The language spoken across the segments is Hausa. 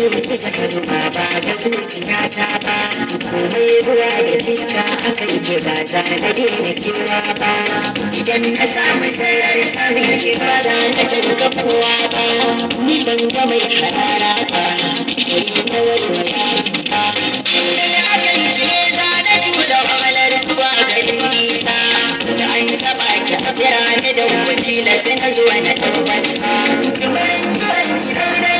sai muka taka ruwa ba da zuciya ta ba komai ruwa da fiska aka ike ba za na daina kewa ba idan na samu sarar ke ba za na kowa ba ni ban ga mai ba wani na ba a da sai na sa.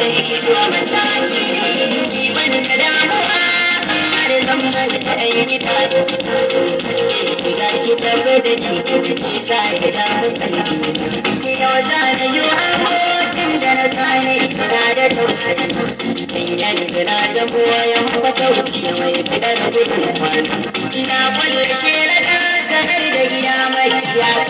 sani so mataki ban da damuwa har da yi ki da ki yau za na yi da na tare da tausayi in yanzu na zamo yan mai fita da gudun kwano na da da gida mai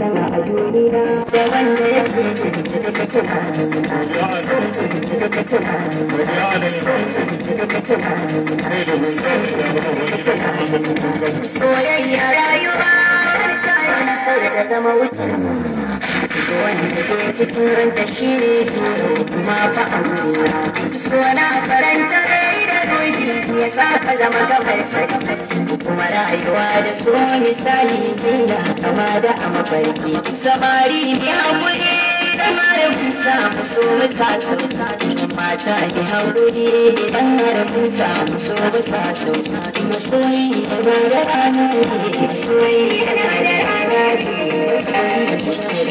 sama a duniya da wanda ya soyayya rayuwa wani tsari ta zama wutar wanda ke cikin ranta shi ne kuma fa'a wuri faranta rai ya saka zama kamar sani kuma rayuwa da su misali zina kama da a mafarki samari mai haƙuri da harafin samu so musa su. mata mai haƙuri da harafin samu so musa so masoyi da ba da ranar ne masoyi da ba da ranar ne